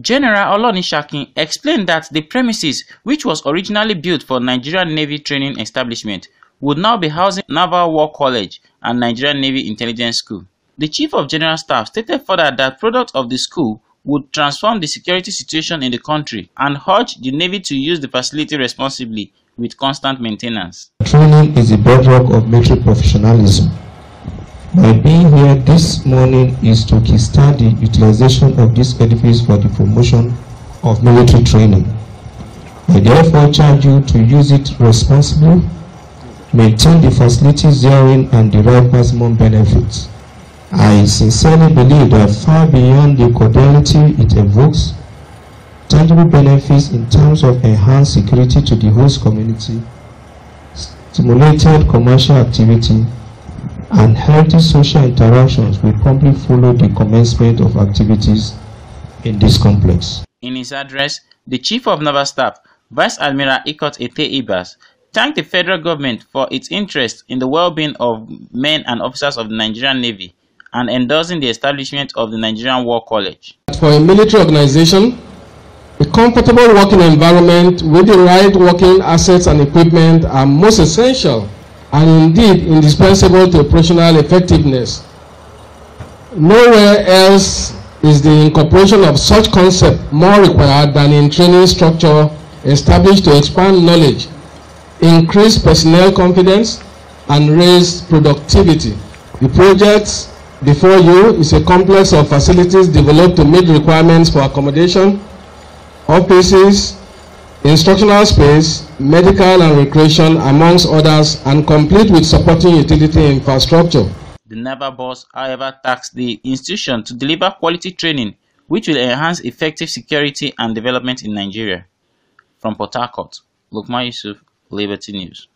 General Olonisakin explained that the premises, which was originally built for Nigerian Navy Training Establishment, would now be housing Naval War College and Nigerian Navy Intelligence School. The Chief of General Staff stated further that products of the school would transform the security situation in the country and urge the Navy to use the facility responsibly with constant maintenance. Training is the bedrock of military professionalism. By being here this morning is to kickstart the utilization of this edifice for the promotion of military training. I therefore charge you to use it responsibly, maintain the facilities therein, and derive maximum benefits. I sincerely believe that far beyond the cordiality it evokes, tangible benefits in terms of enhanced security to the host community, stimulated commercial activity, and healthy social interactions will promptly follow the commencement of activities in this complex. In his address, the Chief of Naval Staff, Vice Admiral Ikot Ete Ibas, thanked the federal government for its interest in the well-being of men and officers of the Nigerian Navy and endorsing the establishment of the Nigerian War College. For a military organization, a comfortable working environment with the right working assets and equipment are most essential and indeed indispensable to operational effectiveness. Nowhere else is the incorporation of such concept more required than in training structure established to expand knowledge, increase personnel confidence, and raise productivity. The project before you is a complex of facilities developed to meet requirements for accommodation, offices, instructional space, medical and recreation, amongst others, and complete with supporting utility infrastructure. The never boss, however, tasked the institution to deliver quality training which will enhance effective security and development in Nigeria. From Port Harcourt, Lukman Yusuf, Liberty News.